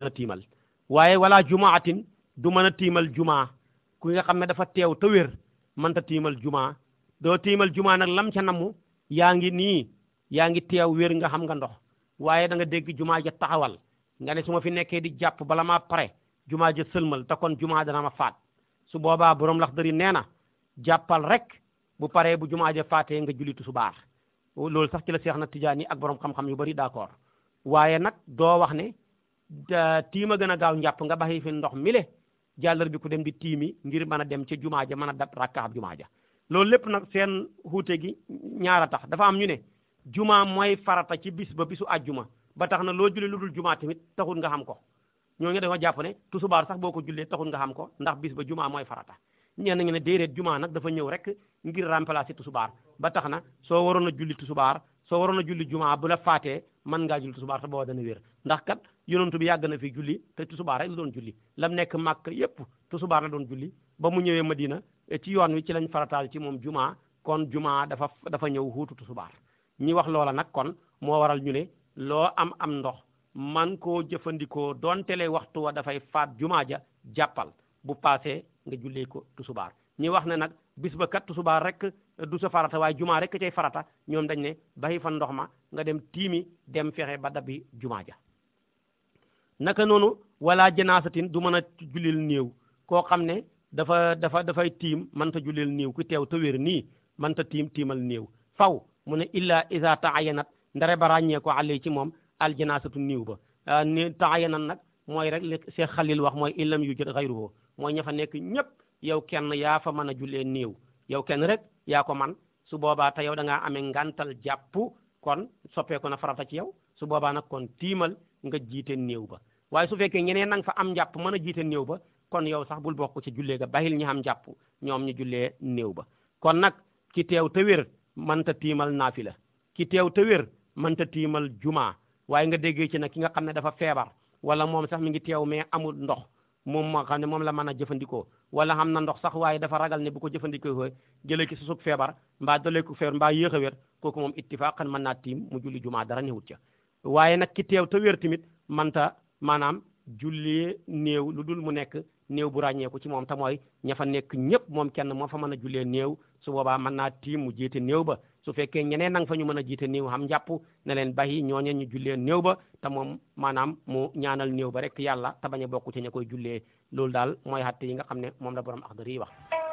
a tiimal waaye wala jumaatin du mën tiimal juma ku nga xam ne dafa teew te wér mënta tiimal juma doo tiimal juma nag lam ca namu yaa ngi nii yaa ngi teew wér nga xam nga ndox waaye da nga dégg juma ja taxawal nga ne su ma fi nekkee di jàpp bala ma pare juma ja sëlmal te kon jumaa dana ma faat su boobaa borom lax dëri nee na rek bu paree bu juma ja faatee nga julitu su baax loolu sax ci la seex na tijaani ak borom xam-xam yu bari d'accord waaye nag doo wax ne tiima gën a gaaw njàpp nga baxi fi ndox mile jàllar bi ku dem di tiimi ngir mën a dem ca jumaa ja mën a dab rakkaab jumaa ja loolu lépp nag seen xuute gi ñaara tax dafa am ñu ne jumaa mooy farata ci bis ba bisu àjjuma ba tax na loo julli lu dul jumaa tamit taxul nga xam ko ñooñu dañoo jàpp ne tusubaar sax boo ko jullee taxul nga xam ko ndax bis ba jumaa mooy farata ñenn ñi ne déedéet jumaa nag dafa ñëw rek ngir remplacer tusubaar ba tax na soo waroon na julli tusubaar soo waroon a julli jumaa bu la faatee man ngaa julli tusubaar te booba dana wér ndax kat yonentu bi yàgg na fi julli te tusubaar rek la doon julli lam nekk màkk yépp tusubaar la doon julli ba mu ñëwee ma diina ci yoon wi ci lañ farataal ci moom jumaa kon jumaa dafa dafa ñëw huutu tusubaar ñi wax loola nag kon moo waral ñu ne loo am am ndox man koo jëfandikoo doonte le waxtu wa dafay faat jumaa ja jàppal bu paasee nga jullee ko tusubaar ñi wax ne nag bis ba kat suba rek du sa farata waaye jumaa rek cay farata ñoom dañ ne bàyyi fan ndox ma nga dem tiimi dem fexe ba dabi jumaa ja naka noonu wala janaasatin du mën a julil néew koo xam ne dafa dafa dafay tiim mënta julil néew ku teew te wér nii mënta tiim tiimal néew faw mu ne illa isa taayanat ndare ba ràññee ko àllee ci moom al janaasatu néew ba ah, ni taayanat nag mooy rek li Cheikh Khalil wax mooy illam yu jot xayruhu mooy ña fa nekk ñëpp yow kenn yaa fa mën a jullee néew yow kenn rek yaa ko man su boobaa te yow da ngaa amee ngantal jàpp kon soppeeku na farata ci yow su boobaa nag kon tiimal nga jiite néew ba waaye su fekkee ñeneen nang fa am njàpp mën a jiite néew ba kon yow sax bul bokk ci jullee ga bahil ñi am njàpp ñoom ñu jullee néew ba kon nag ki teew te wér mënta tiimal naafila ki teew te wér mënta tiimal jumaa waaye nga déggee ci na ki nga xam ne dafa feebar wala moom sax mi ngi teew mais amul ndox moom moo xam ne moom la mën a jëfandikoo wala xam na ndox sax waaye dafa ragal ne bu ko jëfandikoo jëlee ki susug feebar mbaa dolee ko feebar mbaa yéex a wér kooku moom ittifaqan mën naa tiim mu julli jumaa dara ñëwut ca waaye nag ki teew ta wér tamit manta maanaam jullee néew lu dul mu nekk néew bu ràññeeku ci moom te mooy ña fa nekk ñëpp moom kenn moo fa mën a jullee néew su boobaa mën naa tiim mu jiite néew ba su fekkee ñeneen nang fa ñu mën a jiite néew xam njàpp ne leen bàyyi ñooñe ñu jullee néew ba te moom maanaam mu ñaanal néew ba rek yàlla ta bañ a bokk ci ña koy jullee lool daal mooy xatte yi nga xam ne moom la borom Axdari yi wax